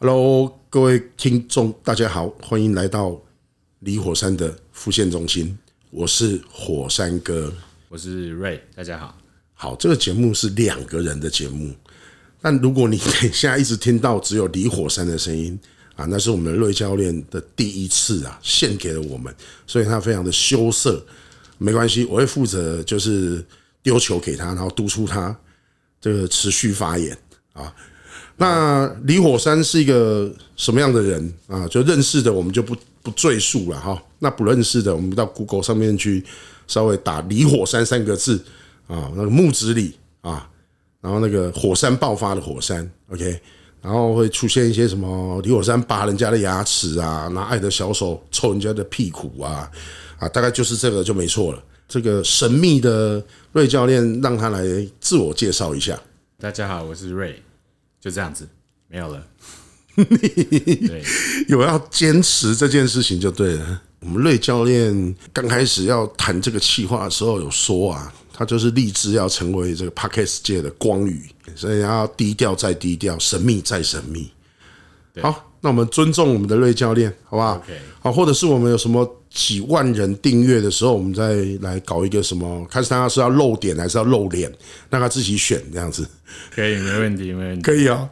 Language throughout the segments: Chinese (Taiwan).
Hello，各位聽眾，大家好，歡迎來到李火山的腹賤中心。我是火山哥，我是瑞，大家好。好，這個節目是兩個人的節目，但如果你等一下一直聽到只有李火山的聲音啊，那是我們的瑞教練的第一次啊，獻給了我們，所以他非常的羞澀。沒關係，我會負責就是丟球給他，然後督促他這個持續發言啊。那李火山是一個什麼樣的人啊？就認識的我們就不不贅述了哈。那不認識的，我們到 Google 上面去稍微打“李火山”三個字啊，那個木子李啊，然後那個火山爆發的火山 OK，然後會出現一些什麼李火山拔人家的牙齒啊，拿愛的小手抽人家的屁股啊，啊，大概就是這個就沒錯了。這個神秘的瑞教練，讓他來自我介紹一下。大家好，我是瑞。就這樣子，沒有了。對， 有要堅持這件事情就對了。我們瑞教練剛開始要談這個企劃的時候有說啊，他就是立志要成為這個 podcast 界的光宇，所以要低調再低調，神秘再神秘。好。那我們尊重我們的瑞教練，好不好？好，或者是我們有什麼幾萬人訂閱的時候，我們再來搞一個什麼？看是，他是要露點還是要露臉？讓他自己選這樣子。可以，沒問題，沒問題。可以啊。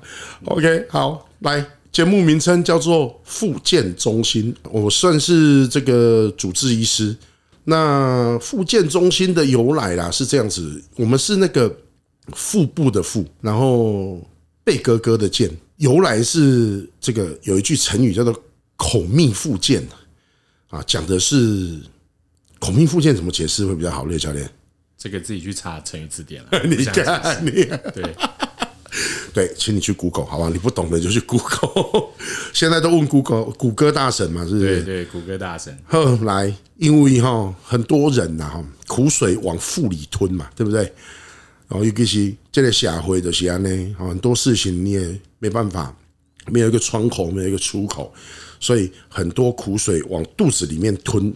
OK，好，來，節目名稱叫做“腹賤中心”，我算是這個主治醫師。那“腹賤中心”的由來啦，是這樣子：我們是那個腹部的腹，然後背哥哥的賤。由來是這個，有一句成語叫做“口蜜腹劍”啊，講的是“口蜜腹劍”怎麼解釋會比較好呢？列教練，這個自己去查成語詞典了。你看，你對對，請你去 Google 好不好？你不懂的就去 Google，現在都問 Google 谷歌大神嘛，是不是？對對，谷歌大神。後來因為哈很多人吶，苦水往腹裡吞嘛，對不對？然後尤其是這個社會就是這樣，很多事情你也沒辦法，沒有一個窗口，沒有一個出口，所以很多苦水往肚子裡面吞，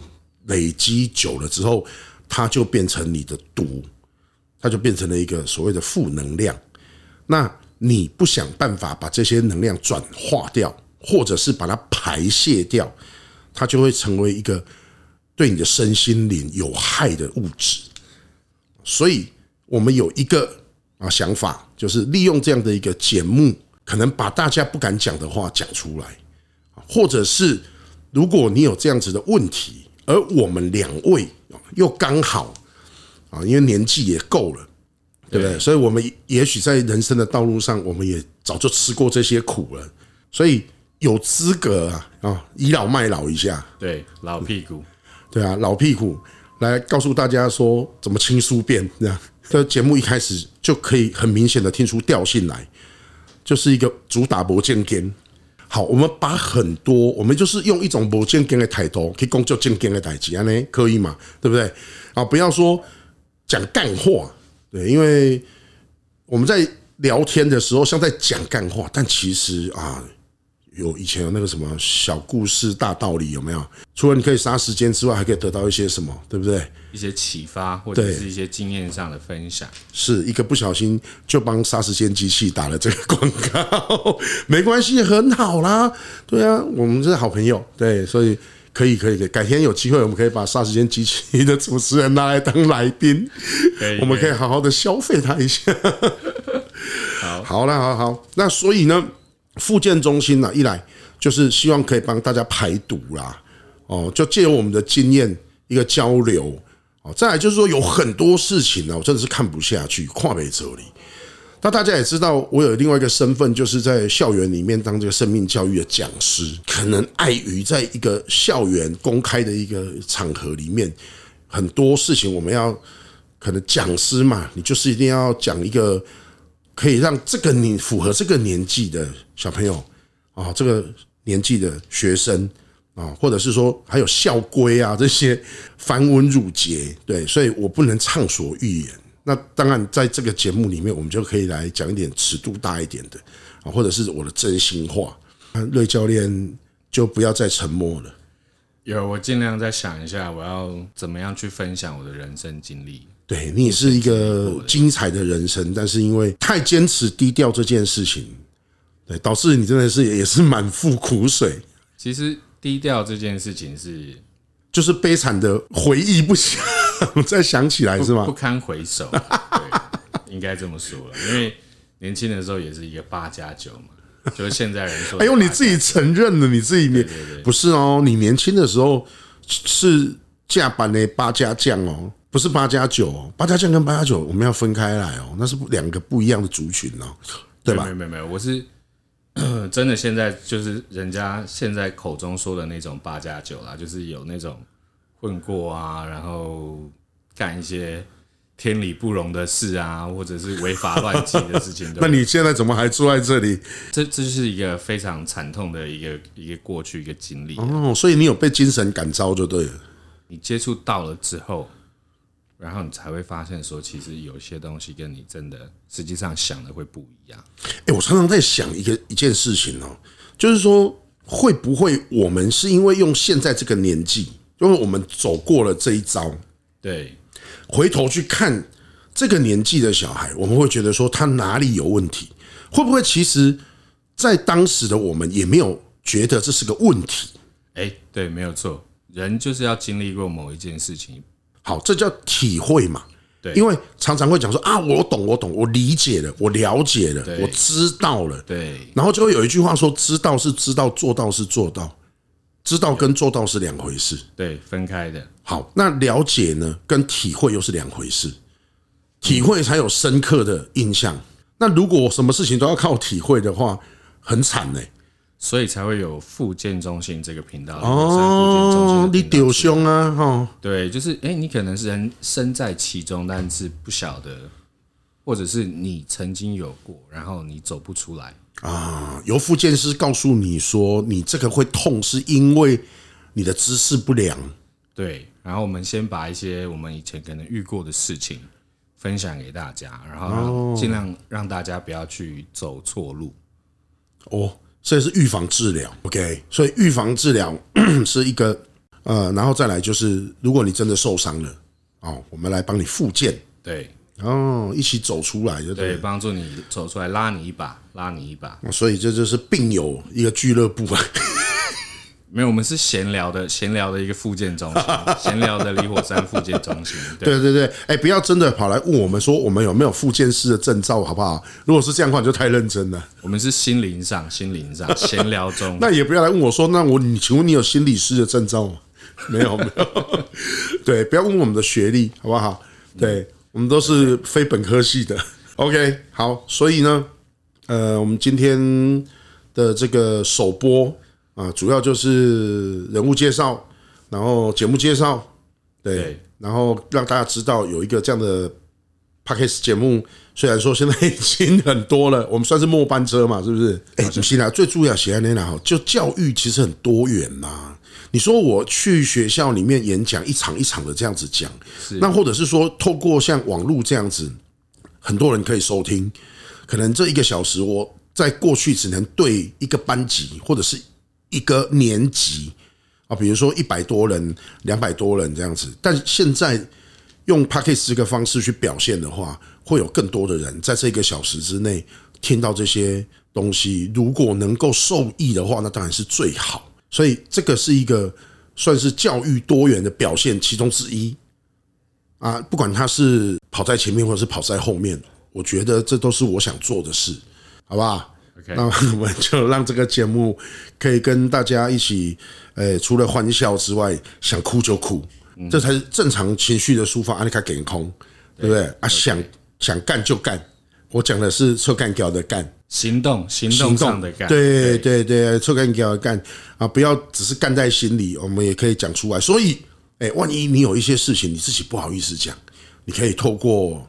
累積久了之後，它就變成你的毒，它就變成了一個所謂的負能量。那你不想辦法把這些能量轉化掉，或者是把它排泄掉，它就會成為一個對你的身心靈有害的物質。所以。我們有一個啊想法，就是利用這樣的一個節目，可能把大家不敢講的話講出來，或者是如果你有這樣子的問題，而我們兩位又剛好啊，因為年紀也夠了，對不對？所以，我們也許在人生的道路上，我們也早就吃過這些苦了，所以有資格啊啊倚老賣老一下，對，老屁股，對啊，老屁股來告訴大家說怎麼輕疏便這樣。這節目一開始就可以很明顯的聽出調性來，就是一個主打無正經。好，我們把很多我們就是用一種無正經的態度去工作，正經的代誌，安呢可以嗎？對不對？啊，不要說講幹話，對，因為我們在聊天的時候像在講幹話，但其實啊。有以前有那個什麼小故事大道理有沒有？除了你可以殺時間之外，還可以得到一些什麼，對不對？一些啟發或者是一些經驗上的分享。是一個不小心就幫殺時間機器打了這個廣告，沒關係，很好啦。對啊，我們是好朋友，對，所以可以可以改天有機會，我們可以把殺時間機器的主持人拿來當來賓，我們可以好好的消費他一下。好，好了，好好啦，好好。那所以呢？復健中心呢，一來就是希望可以幫大家排毒啦，哦，就借由我們的經驗一個交流，哦，再來就是說有很多事情呢，我真的是看不下去跨北這裡。那大家也知道，我有另外一個身份，就是在校園裡面當這個生命教育的講師，可能礙於在一個校園公開的一個場合裡面，很多事情我們要，可能講師嘛，你就是一定要講一個。可以讓這個你符合這個年紀的小朋友啊，這個年紀的學生啊，或者是說還有校規啊這些繁文縟節，對，所以我不能暢所欲言。那當然，在這個節目裡面，我們就可以來講一點尺度大一點的啊，或者是我的真心話。那瑞教練就不要再沉默了。有，我盡量再想一下，我要怎麼樣去分享我的人生經歷。對，你也是一個精彩的人生，但是因為太堅持低調這件事情，對，導致你真的是也是滿腹苦水。其實低調這件事情是，就是悲慘的回憶不，不想再想起來是嗎？不，不堪回首，對 應該這麼說了。因為年輕的時候也是一個八加九嘛，就是現在人說，哎呦，你自己承認了你自己年，對對對對，不是哦，你年輕的時候是。加班呢？八家將哦，不是八加九哦，八家將跟八加九我們要分開來哦、喔，那是兩個不一樣的族群哦、喔，對吧對？沒有沒有，我是真的現在就是人家現在口中說的那種八加九啦，就是有那種混過啊，然後幹一些天理不容的事啊，或者是違法亂紀的事情。 對吧 那你現在怎麼還住在這裡這？這這是一個非常慘痛的一個一個過去一個經歷、啊、哦，所以你有被精神感召就對了。你接觸到了之後，然後你才會發現說，其實有些東西跟你真的實際上想的會不一樣。誒，我常常在想一個一件事情哦，就是說會不會我們是因為用現在這個年紀，因為我們走過了這一遭，對，回頭去看這個年紀的小孩，我們會覺得說他哪裡有問題？會不會其實，在當時的我們也沒有覺得這是個問題？誒，對，沒有錯。人就是要經歷過某一件事情，好，這叫體會嘛。對，因為常常會講說啊，我懂，我懂，我理解了，我了解了，我知道了。對。然後就會有一句話說：“知道是知道，做到是做到，知道跟做到是兩回事。”對，分開的。好，那了解呢，跟體會又是兩回事，體會才有深刻的印象。那如果什麼事情都要靠體會的話，很慘呢。所以才會有復健中心這個頻道哦，道你丟胸啊！哈、哦，對，就是誒、欸，你可能是人身在其中，但是不曉得，或者是你曾經有過，然後你走不出來啊。由復健師告訴你說，你這個會痛，是因為你的姿勢不良。對，然後我們先把一些我們以前可能遇過的事情分享給大家，然後盡、哦、量讓大家不要去走錯路哦。這是預防治療，OK？所以預防治療 是一個，呃，然後再來就是，如果你真的受傷了，哦，我們來幫你復健，對，然後一起走出來，對，幫助你走出來，拉你一把，拉你一把。所以這就是病友一個俱樂部。 沒有，我們是閒聊的，閒聊的一個復健中心，閒聊的李火山復健中心。對對，對對，哎、欸，不要真的跑來問我們說我們有沒有復健師的證照好不好？如果是這樣的話，你就太認真了。我們是心靈上，心靈上閒聊中。 那也不要來問我說，那我你請問你有心理師的證照嗎？沒有沒有。 對，不要問我們的學歷好不好？對我們都是非本科系的。OK，好，所以呢，呃，我們今天的這個首播。啊，主要就是人物介紹，然後節目介紹，對，然後讓大家知道有一個這樣的 podcast 節目。雖然說現在已經很多了，我們算是末班車嘛，是不是？哎，主席呢？最重要，謝安妮哈，就教育其實很多元吶。你說我去學校裡面演講，一場一場的這樣子講，那或者是說透過像網絡這樣子，很多人可以收聽，可能這一個小時我在過去只能對一個班級或者是。一個年級啊，比如說一百多人，兩百多人這樣子，但現在用 Podcast 這個方式去表現的話，會有更多的人在這個小時之內聽到這些東西。如果能夠受益的話，那當然是最好。所以這個是一個算是教育多元的表現，其中之一啊。不管他是跑在前面，或者是跑在後面，我覺得這都是我想做的事，好不好？Okay, 那我們就讓這個節目可以跟大家一起，誒、欸，除了歡笑之外，想哭就哭，嗯、這才是正常情緒的抒發。啊，那比較健康，對，對不對？啊，okay 想想幹就幹，我講的是“臭幹譙”的幹，行動行動，行動上的幹，對對對，對，“臭幹譙”的幹啊，不要只是幹在心裡，我們也可以講出來。所以，哎、欸，萬一你有一些事情你自己不好意思講，你可以透過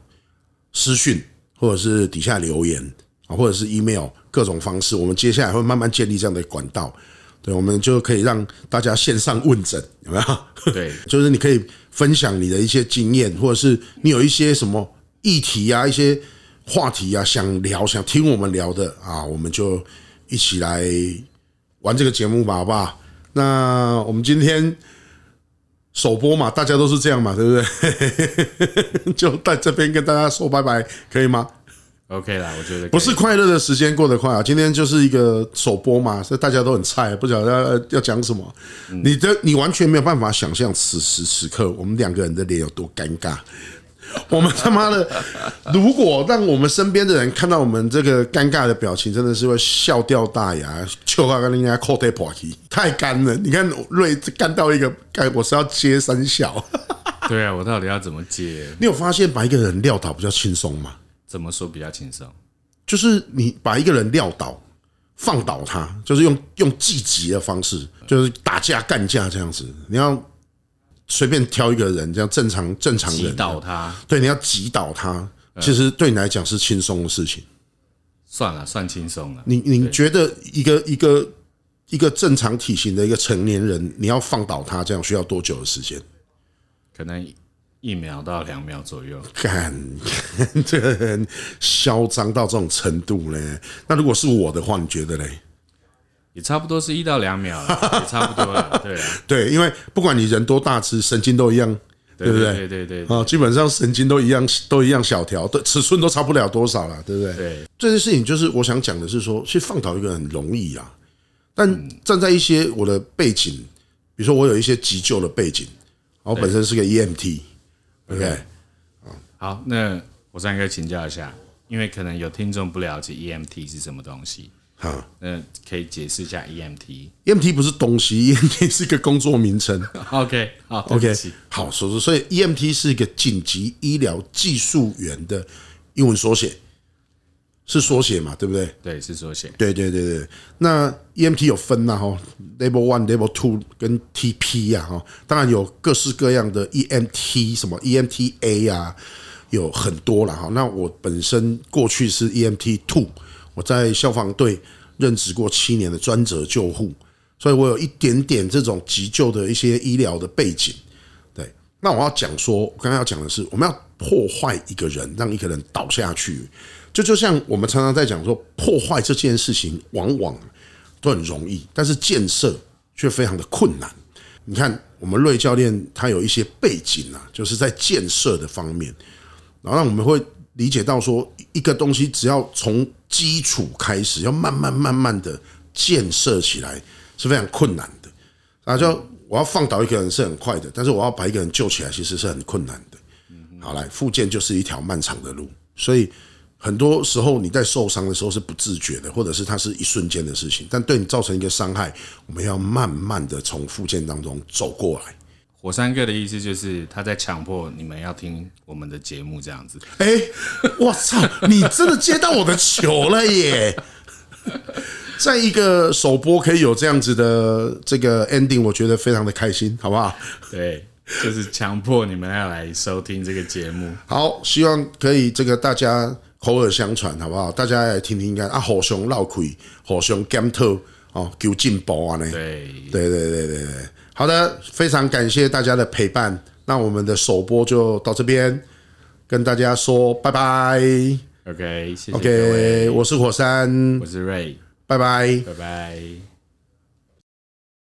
私訊或者是底下留言。或者是 email 各種方式，我們接下來會慢慢建立這樣的管道，對，我們就可以讓大家線上問診，有沒有？對，就是你可以分享你的一些經驗，或者是你有一些什麼議題啊、一些話題啊，想聊、想聽我們聊的啊，我們就一起來玩這個節目吧，好不好？那我們今天首播嘛，大家都是這樣嘛，對不對？嘿嘿嘿嘿嘿，就在這邊跟大家說拜拜，可以嗎？OK 啦，我覺得不是快樂的時間過得快啊！今天就是一個首播嘛，所以大家都很菜，不曉得要講什麼。你、嗯、你完全沒有辦法想象此時此此刻我們兩個人的臉有多尷尬。我們他媽的， 如果讓我們身邊的人看到我們這個尷尬的表情，真的是會笑掉大牙。就話跟人家扣太破氣，太乾了。你看瑞乾到一個乾，我是要接三小笑。對啊，我到底要怎麼接？你有發現把一個人撂倒比較輕鬆嗎？怎麼說比較輕鬆？就是你把一個人撂倒、放倒他，就是用用積極的方式，就是打架、幹架這樣子。你要隨便挑一個人，這樣正常、正常人，倒他，對，你要擊倒他。嗯、其實對你來講是輕鬆的事情，算了，算輕鬆了。你你覺得一個一個一個正常體型的一個成年人，你要放倒他這樣需要多久的時間？可能。一秒到兩秒左右幹幹，這個人囂張到這種程度呢？那如果是我的話，你覺得嘞？也差不多是一到兩秒，也差不多了。對對，因為不管你人多大隻，神經都一樣，對不對？對對對啊，基本上神經都一樣，都一樣小條，尺寸都差不了多少了，對不對？對，對，這件事情就是我想講的是說，去放倒一個人很容易啊。但站在一些我的背景，比如說我有一些急救的背景，我本身是個 EMT。OK，、嗯、好，好，那我三哥請教一下，因為可能有聽眾不了解 EMT 是什麼東西，好，那可以解釋一下 EMT 好。EMT 不是東西 ，EMT 是個工作名稱。OK，好，OK，好，所以所以 EMT 是一個緊急醫療技術員的英文縮寫。是縮寫嘛，對不對？對，是縮寫。對對對對,對，那 E M T 有分吶，哈，Level One、Level Two 跟 T P 呀、啊，哈，當然有各式各樣的 E M T，什麼 E M T A 呀、啊，有很多了，哈。那我本身過去是 E M T Two，我在消防隊任職過七年的專責救護，所以我有一點點這種急救的一些醫療的背景。對，那我要講說，剛剛要講的是，我們要破壞一個人，讓一個人倒下去。就就像我們常常在講說，破壞這件事情往往都很容易，但是建設卻非常的困難。你看，我們瑞教練他有一些背景啊，就是在建設的方面，然後讓我們會理解到說，一個東西只要從基礎開始，要慢慢慢慢的建設起來是非常困難的。啊，就我要放倒一個人是很快的，但是我要把一個人救起來其實是很困難的。好，來復健就是一條漫長的路，所以。很多時候你在受傷的時候是不自覺的，或者是它是一瞬間的事情，但對你造成一個傷害，我們要慢慢的從復健當中走過來。火山哥的意思就是他在強迫你們要聽我們的節目，這樣子。哎，我操，你真的接到我的球了耶！在一個首播可以有這樣子的這個 ending，我覺得非常的開心，好不好？對，就是強迫你們要來收聽這個節目。好，希望可以這個大家。口耳相傳，好不好？大家來聽聽看啊！火熊鬧開，火熊檢討哦，求進步呢，對對對對對，好的，非常感謝大家的陪伴，那我們的首播就到這邊，跟大家說拜拜。OK，謝謝，OK，我是火山，我是瑞，拜拜，拜拜。